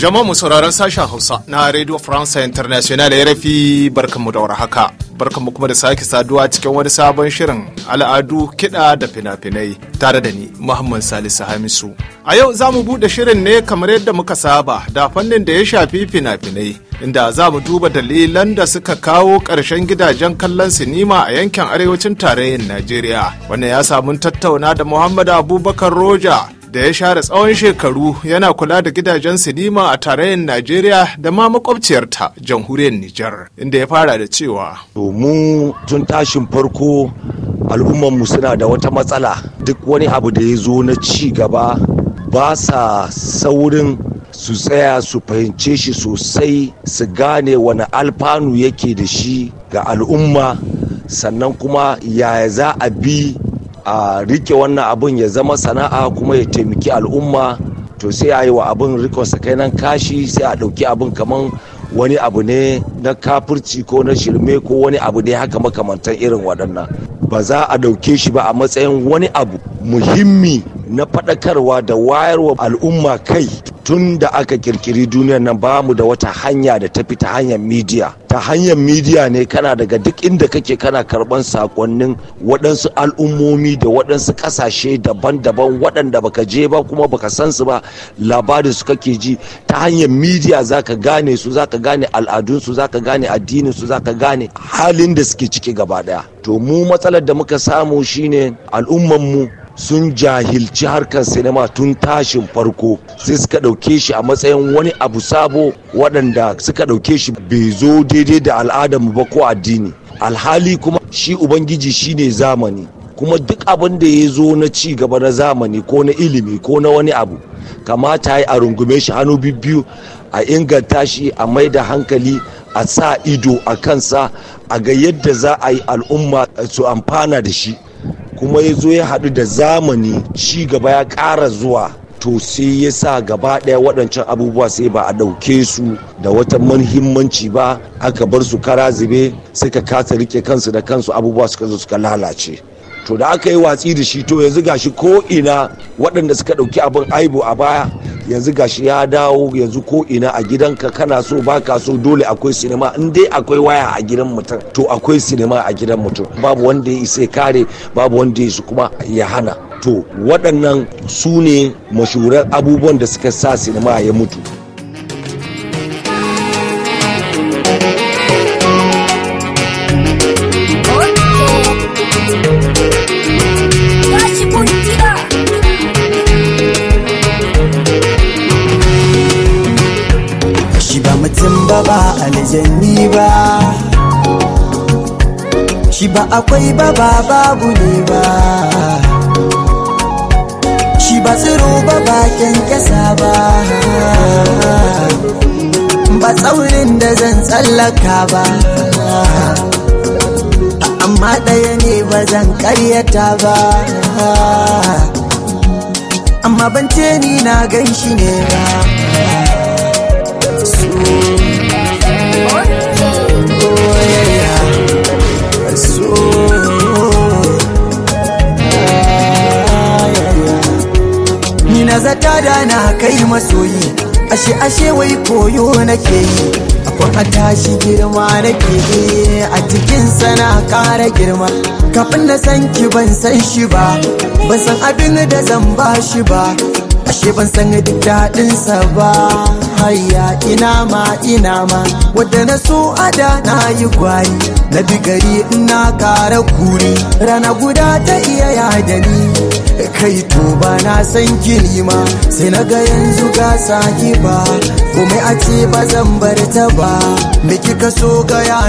Jama'a mu sauraron sashen Hausa na Radio France International ya rafi barkanmu da warhaka. Barkanmu kuma da sake saduwa cikin wani sabon shirin al'adu kiɗa da fina-finai tare da ni Muhammad Salisu Hamisu. A yau za mu buɗe shirin ne kamar yadda muka saba da fannin da ya shafi fina-finai inda za mu duba dalilan da suka kawo ƙarshen gidajen kallon sinima a yankin arewacin tarayyar Najeriya. Wannan ya samu tattauna da Muhammad Abubakar Roja da ya share tsawon shekaru yana kula da gidajen sinima a tarayyar Najeriya da ma makwabciyarta jamhuriyar Nijar inda ya fara da cewa. Mu tun tashin farko al'ummarmu suna da wata matsala duk wani abu da ya zo na ci gaba ba sa saurin su tsaya su fahimce shi sosai su gane wani alfanu yake da shi ga al'umma sannan kuma yaya za a bi a rike wannan abun ya zama sana'a kuma ya taimaki al'umma to sai a yi wa abin rikon sakainan kashi sai a ɗauki abin kamar wani abu ne na kafirci ko na shirme ko wani abu ne haka makamantan irin waɗannan ba za a ɗauke shi ba a matsayin wani abu muhimmi na faɗakarwa da wayarwa al'umma kai tun da aka kirkiri duniyar nan ba mu da wata hanya da ta ta hanyar midiya ta hanyar midiya ne kana daga duk inda kake kana karban sakonnin waɗansu al'ummomi da waɗansu ƙasashe daban-daban waɗanda baka je ba kuma baka san su ba labarin su kake ji ta hanyar midiya za ka gane su Za ka gane al'adunsu za ka gane addinin su ka gane halin da suke ciki gaba ɗaya to mu matsalar da muka samu shine al'umman mu sun jahilci harkar sinima tun tashin farko sai suka ɗauke shi a matsayin wani abu sabo waɗanda suka ɗauke shi bai zo daidai da al'adarmu ba ko addini alhali kuma shi ubangiji shine zamani kuma duk abin da ya zo na ci gaba na zamani ko na ilimi ko na wani abu kamata ya a rungume shi hannu biyu a inganta shi a mai da hankali a sa ido a kansa a ga yadda za a yi al'umma su amfana da shi kuma ya zo ya haɗu da zamani ci gaba ya ƙara zuwa to sai ya sa gaba ɗaya waɗancan abubuwa sai ba a ɗauke su da wata muhimmanci ba aka bar su kara zube suka kasa rike kansu da kansu abubuwa suka zo suka lalace to da aka yi watsi da shi to yanzu gashi ko ina waɗanda suka ɗauki abin aibu a baya yanzu gashi ya dawo yanzu ko ina a gidanka kana so baka so dole akwai sinima in dai akwai waya a gidan mutum to akwai sinima a gidan mutum babu wanda ya isa kare babu wanda ya kuma ya hana to waɗannan su ne mashurar abubuwan da suka sa sinima ya mutu mutum ba ba aljanni ba shi ba akwai ba ba babu ne ba shi ba tsiro ba ba kyankyasa ba ba tsaurin da zan tsallaka ba amma ɗaya ne ba zan ƙaryata ba amma ban ce ni na gan shi ne ba Nina zata da na kai masoyi ashe ashe wai koyo nake yi akwai a tashi girma nake yi a cikin sana kara girma kafin na san ki ban san shi ba ban san abin da zan ba shi ba ashe ban san duk daɗinsa ba hayya ina ma ina ma wadda na so ada na yi gwari na bi gari ina kara kuri rana guda ta iya ni kai to ba na san kilima sai na ga yanzu ga saki ba kuma a ce ba zan bar ta ba me kika so ga ya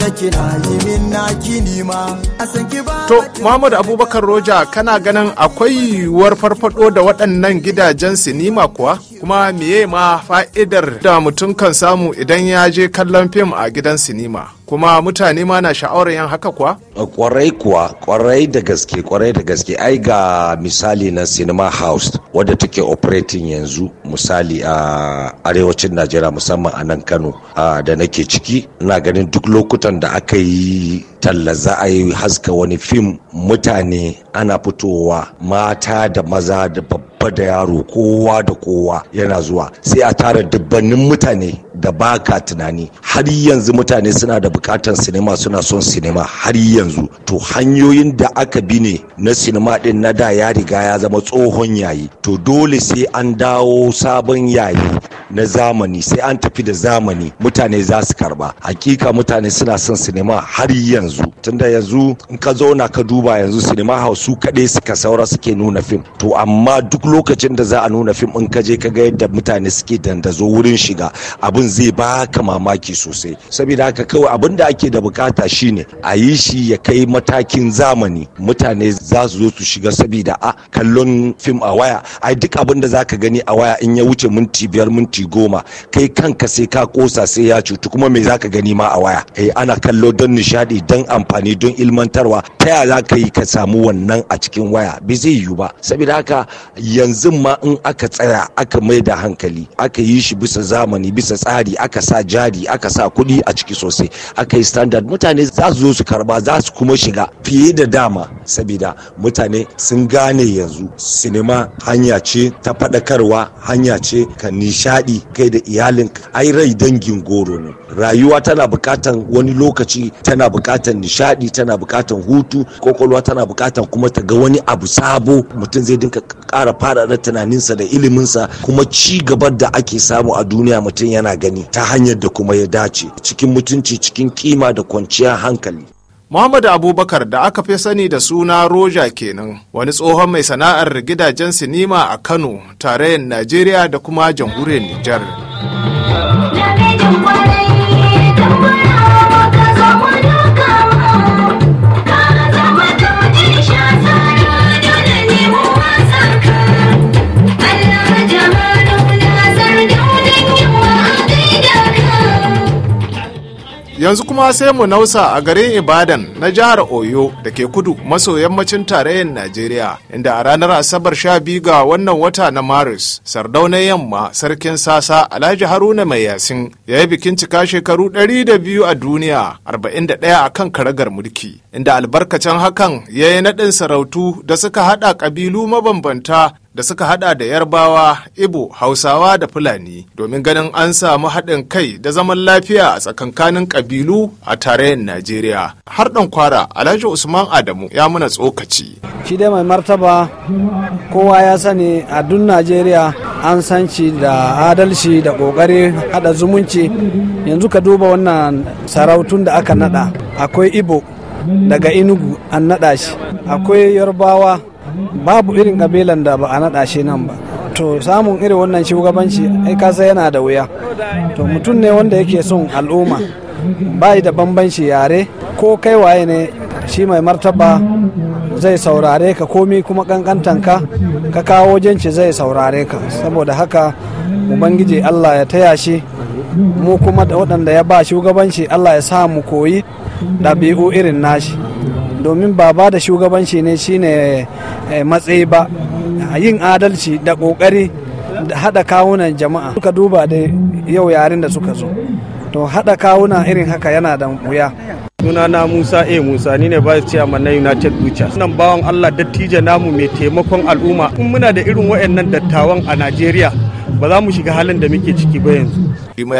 da kina yi min na kilima a san ki ba to Muhammad Abubakar Roja kana ganin akwai yiwuwar farfado da waɗannan gidajen sinima kuwa kuma meye ma fa'idar da mutum kan samu idan ya je kallon fim a gidan sinima kuma mutane ma na sha'awar yan haka kuwa? kwarai kuwa kwarai da gaske kwarai da gaske ai ga misali na cinema house wadda take operating yanzu misali a arewacin najeriya musamman a nan kano da nake ciki na ganin duk lokutan da aka yi talla za a yi haska wani fim mutane ana fitowa mata da maza da babba da yaro kowa da kowa yana zuwa sai a tara dubbanin mutane da baka tunani har yanzu mutane suna da bukatar sinima suna son sinima har yanzu to hanyoyin da aka bi ne na sinima din na da ya riga ya zama tsohon yayi to dole sai an dawo sabon yayi na zamani sai an tafi da zamani mutane za su karba hakika mutane suna son sinima har yanzu tunda yanzu in ka zauna ka duba yanzu sinima hausu kaɗai suka saura suke nuna fim to amma duk lokacin da za a nuna fim in ka je ka ga yadda mutane suke dandazo wurin shiga abin zai ba ka mamaki sosai saboda haka kawai abin da ake da bukata shine a yi shi ya kai matakin zamani mutane za su zo su shiga saboda a ah, kallon fim a waya ai duk abin da za ka gani a waya in ya wuce minti biyar minti minti goma kai kanka sai ka kosa sai ya cutu kuma me zaka gani ma a waya eh ana kallo don nishadi don amfani don ilmantarwa ta ya za ka yi ka samu wannan a cikin waya bai zai yiwu ba saboda haka yanzu ma in aka tsaya aka mai da hankali aka yi shi bisa zamani bisa tsari aka sa jari aka sa kuɗi a ciki sosai aka yi standard mutane za su zo su karba za su kuma shiga fiye da dama saboda mutane sun gane yanzu sinima hanya ce ta faɗakarwa hanya ce ka nishaɗi. daɗi kai da iyalin ai rai dangin goro ne rayuwa tana buƙatan wani lokaci tana buƙatan nishaɗi tana buƙatan hutu kwakwalwa tana buƙatan kuma ta ga wani abu sabo mutum zai dinka ƙara faɗaɗa tunaninsa da iliminsa kuma ci gabar da ake samu a duniya mutum yana gani ta hanyar da kuma ya dace cikin mutunci cikin kima da kwanciyar hankali Muhammadu Abubakar da aka fi sani da suna Roja kenan wani tsohon mai sana'ar gidajen sinima a Kano tarayyar Najeriya da kuma jamhuriyar Nijar. yanzu kuma sai mu nausa a garin ibadan na jihar oyo da ke kudu maso yammacin tarayyar najeriya inda a ranar asabar sha biyu ga wannan wata na maris sardaunan yamma sarkin sasa alhaji haruna mai yasin ya yi bikin cika shekaru 200 a duniya 41 a kan karagar mulki inda albarkacin hakan ya yi naɗin sarautu da suka haɗa ƙabilu mabambanta da suka hada da yarbawa ibo hausawa da fulani domin ganin an samu haɗin kai da zaman lafiya a tsakankanin ƙabilu a tarayyar najeriya har ɗan kwara alhaji usman adamu ya muna tsokaci shi dai mai martaba kowa ya sani a duk najeriya an sanci da adalci da ƙoƙari haɗa zumunci yanzu ka duba wannan sarautun da aka naɗa akwai ibo daga inugu an naɗa shi akwai yarbawa babu irin kabilan da ba a naɗa shi nan ba to samun irin wannan shugabanci ai kasa yana da wuya to mutum ne wanda yake son al'umma bayi da bambanci yare ko kai waye ne shi mai martaba zai saurare ka komi kuma kankantanka ka kawo janci zai saurare ka saboda haka ubangiji allah ya taya shi mu kuma da waɗanda ya ba shugabanci allah ya sa mu koyi ɗabi'u irin nashi domin ba ba da shugabanci ne shine eh, matsayi ba yin adalci da ƙoƙari da haɗa kawunan jama'a suka duba da yau yaren da suka zo to haɗa kawuna irin haka yana da wuya Suna na musa a musa ni ne vice chairman na united butchers nan bawan allah dattijo namu mai taimakon al'umma in muna da irin waɗannan dattawan a najeriya ba za mu shiga halin da muke ciki ba yanzu.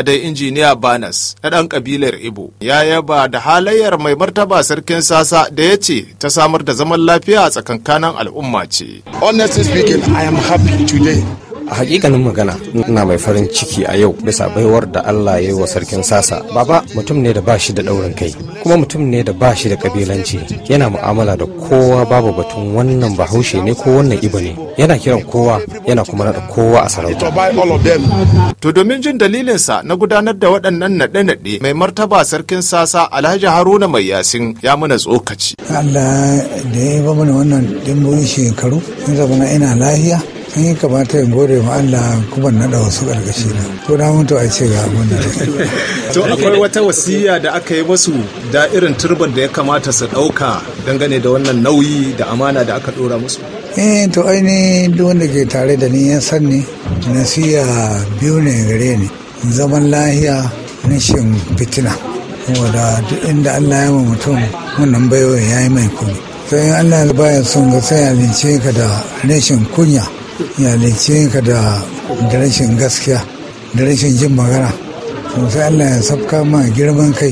dai injiniya Banas na ɗan ƙabilar Ibo ya yaba da halayyar mai martaba sarkin sasa da ya ce ta samar da zaman lafiya a tsakankanin al'umma ce. Honestly speaking, I am happy today. a hakikanin magana ina mai farin ciki a yau bisa baiwar da allah ya yi wa sarkin sasa baba mutum ne da bashi da daurin kai kuma mutum ne da bashi da kabilanci yana mu'amala da kowa babu batun wannan bahaushe ne ko wannan ibo ne yana kiran kowa yana kuma nada kowa a sarauta to domin jin dalilinsa na gudanar da waɗannan naɗe-naɗe mai martaba sarkin sasa alhaji haruna mai yasin ya mana tsokaci allah da ya ba mana wannan dimbin shekaru yanzu bana ina lafiya in yi kamata in gode ma Allah kuma na da wasu ƙarƙashi na ko na mutu a ce ga abin da to akwai wata wasiya da aka yi masu da irin turbar da ya kamata su ɗauka dangane da wannan nauyi da amana da aka ɗora musu eh to aini duk wanda ke tare da ni ya san ne nasiya biyu ne gare ni zaman lahiya rashin fitina wanda duk inda Allah ya ma mutum wannan bayo ya yi mai kuma sai Allah ya baya son ga sai halince ka da rashin kunya ya lince ka da rashin gaskiya da rashin jin magana sai allah ya sabka ma girman kai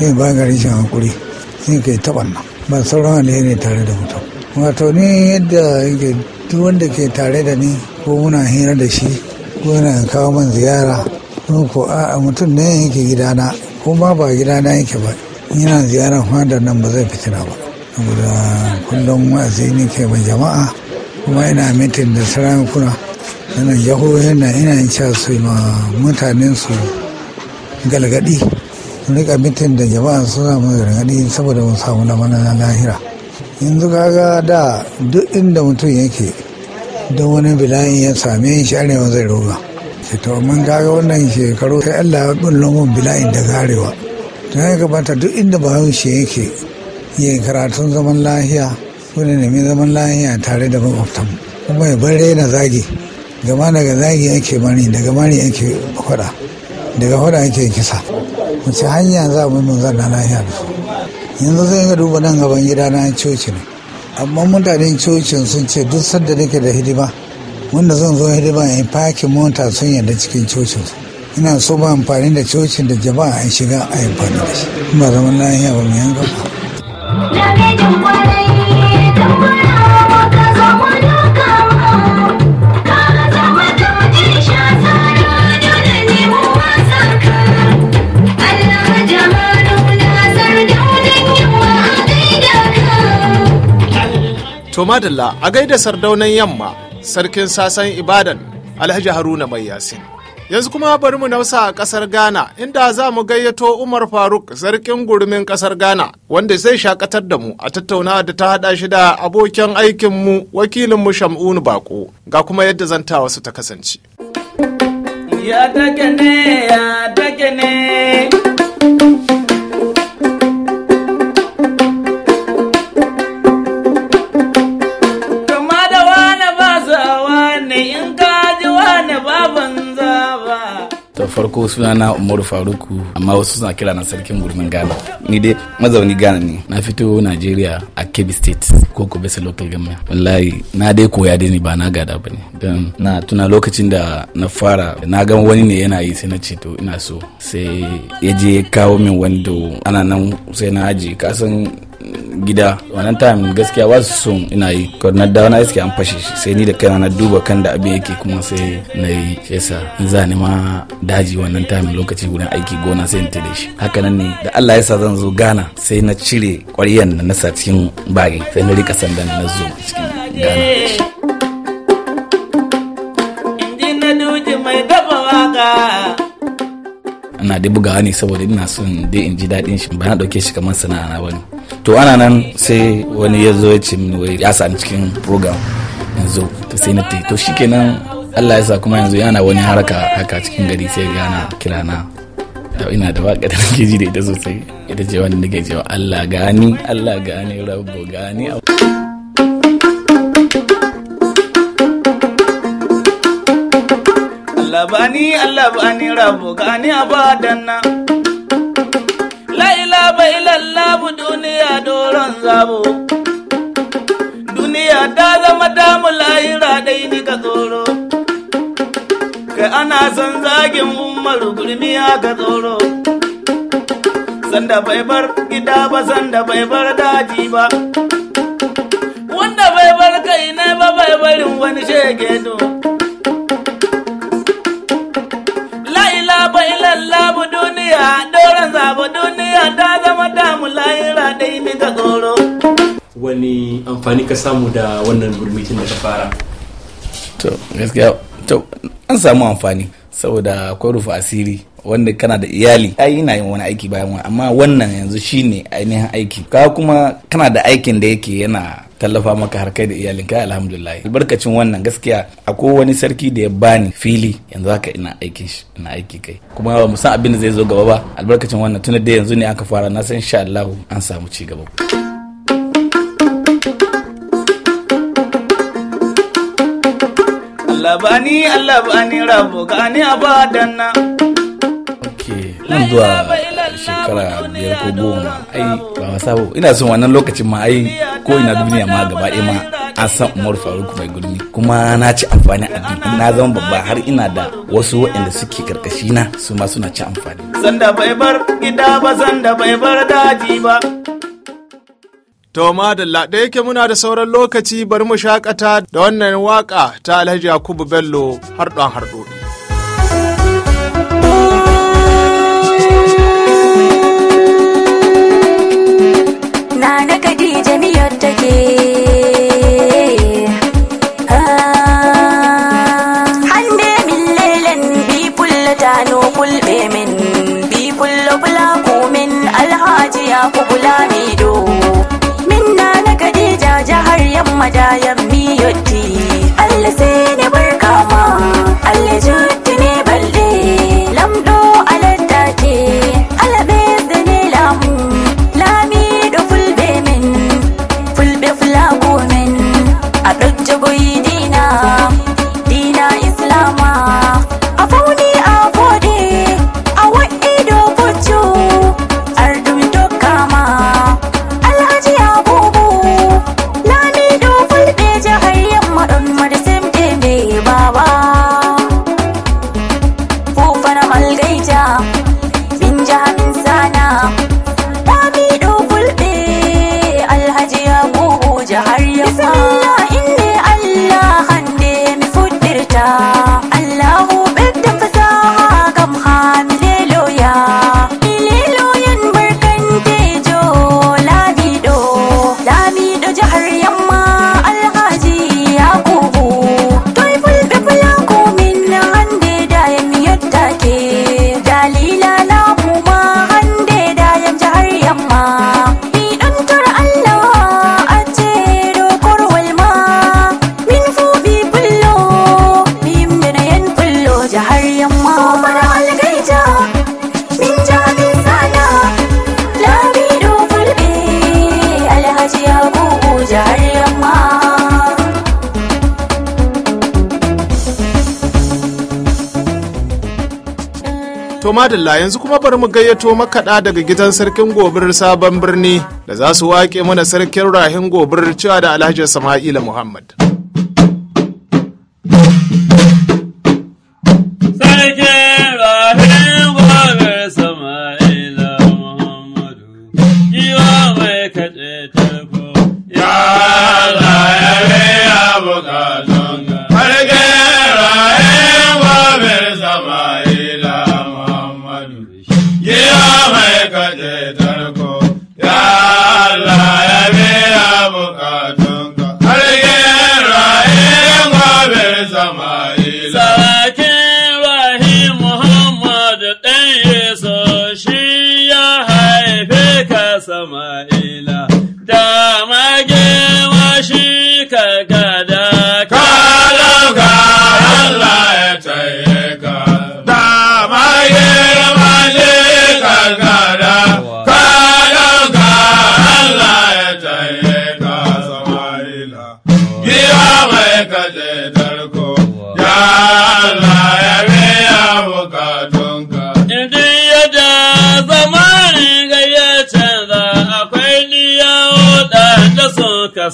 zai ba ga rashin hakuri sai kai taɓan nan ba sauran ne tare da mutum wato ni yadda yake duk wanda ke tare da ni ko muna hira da shi ko yana kawo man ziyara ko a mutum ne yake gidana ko ma ba gidana yake ba yana ziyarar da nan ba zai fitina ba saboda kullum wa'azi ne ke ma jama'a kuma ina mitin da sarakuna yana jihohin na ina yin cewa su ma mutanen su galgadi rika mitin da jama'a su samu galgadi saboda mu samu na lahira yanzu kaga da duk inda mutum yake don wani bila'in ya sami shi arewa zai roga to mun kaga wannan shekaru ta Allah ya bullo mun bila'in da garewa ta yi gabata duk inda bahaushe yake yin karatun zaman lahiya kuma nemi zaman lahiya tare da makwabtanmu kuma ya bar raina zagi gama daga zagi yake mani daga mani yake faɗa daga faɗa yake kisa wace hanya za mu mun zanna lafiya da su yanzu zan ga duba nan gaban gida na coci ne amma mutanen cocin sun ce duk sadda nake da hidima wanda zan zo hidima ya fakin mota sun yarda cikin cocin su ina so ba amfani da cocin da jama'a an shiga a amfani da shi ba zaman lafiya ba mu yanka ba. To madalla a gaida sardaunan yamma sarkin sasan Ibadan Alhaji Haruna Mai Yasin. Yanzu kuma bari mu nausa a kasar Ghana inda za mu gayyato Umar Faruk sarkin gurmin kasar Ghana wanda zai shakatar da mu a tattauna da ta hada shi da abokin aikinmu wakilinmu Sham'unu Bako ga kuma yadda zanta wasu ta kasance. Ya dake ne, ya dake ne. farko suna na umaru faruku amma wasu suna kira na sarkin gurbin ghana ni dai mazauni ghana ne na fito nigeria a kebbi state ko kobese local government wallahi na dai koya dai ne ba na gada ba ne don na tuna lokacin da na fara na ga wani ne yana yi sai na ce to ina so sai ya je kawo min wando ana nan sai na aji kasan gida wannan time gaskiya ba su son ina yi ko na dawo na iske an fashe shi sai ni da kaina na duba kan da abin yake kuma sai na yi shesa in za ni ma daji wannan time lokaci gudan aiki gona sai in tare shi haka nan ne da Allah ya sa zan zo gana sai na cire ƙwaryan na nasa cikin bagi sai na rika sandan na zo cikin gana. ina dai bugawa ne saboda ina son dai in ji daɗin shi ba na ɗauke shi kamar sana'a na wani to ana nan sai wani ya zo ya ce mini wai ya sami cikin program yanzu to sai na ta to kenan Allah ya sa kuma yanzu yana wani haraka haka cikin gari sai gana kira na ina da waƙa da nake ji da ita sosai ita ce wani nake cewa Allah gani Allah gani rabo gani bani Allah bani rabo gani abadan nan la ilaha duniya doron zabo duniya ta zama damu lahira dai ni ka tsoro kai ana son zagin ummar gurmiya ka tsoro sanda bai bar gida ba sanda bai bar daji ba wanda bai bar kai ne ba bai barin wani shege do Allah duniya doron zabu duniya ta zama damu lahira dai mi ga goro wani amfani ka samu da wannan burmitin da ka fara to gaskiya to an samu amfani saboda akwai rufe asiri wanda kana da iyali ai ina yin wani aiki bayan wani amma wannan yanzu shine ainihin aiki ka kuma kana da aikin da yake yana tallafa maka har kai da iyalinka alhamdulillah albarkacin wannan gaskiya akwai wani sarki da ya bani fili yanzu haka ina aikin shi ina aiki kai kuma ba mu san abin da zai zo gaba ba albarkacin wannan tun da yanzu ne aka fara na san insha Allah an samu ci gaba Allah Allah bani rabu gani abadan na okay nan zuwa shekara biyar ko goma ai ba wasa ba ina son wannan lokacin ma ai ko ina duniya ma gaba ɗaya ma an san umar faruk mai gurmi kuma na ci amfani a na zama babba har ina da wasu waɗanda suke karkashi na su ma suna ci amfani sanda bai bar gida ba sanda bai bar daji ba To madalla da yake muna da sauran lokaci bari mu shakata da wannan waka ta Alhaji Yakubu Bello har ɗan harɗoɗi. na na miyar take ah. hande min lelen bi kulla tano kulbe min bi kulla bula min alhaji ya kubula mido min na na kadija jahar yamma da yamma madalla yanzu kuma bari mu gayyato makaɗa daga gidan sarkin gobir sabon birni da za su waƙe mana sarkin rahin gobir cewa da alhaji sama'ila muhammad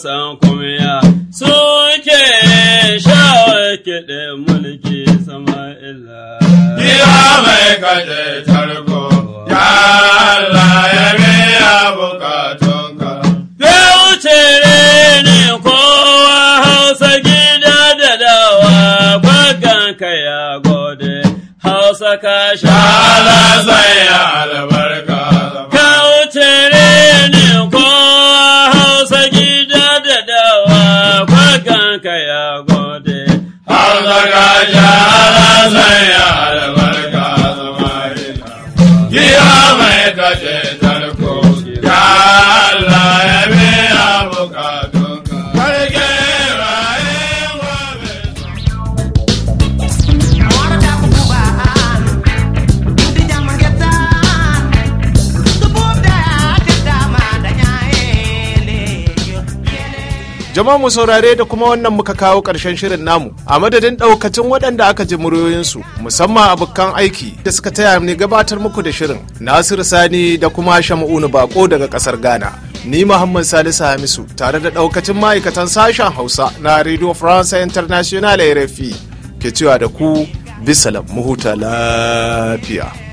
san kumya suke sha kiɗe mulki sama illa. Iya mai kaɗe tarko, ya Allah ya biya bukatunka. Yau wuce ne kowa hausa gida da dawa, bagan ka ya gode, hausa ka sha. Ya Jama'a mu saurare da kuma wannan muka kawo ƙarshen shirin namu a madadin ɗaukacin waɗanda aka ji muryoyinsu musamman abokan aiki da suka taya ni gabatar muku da shirin Nasiru Sani da kuma Shamu'unu Bako daga ƙasar Ghana. Ni Muhammad Salisu Hamisu tare da ɗaukacin ma'aikatan sashen Hausa na Radio France International RFI ke cewa da ku bisalam mu lafiya.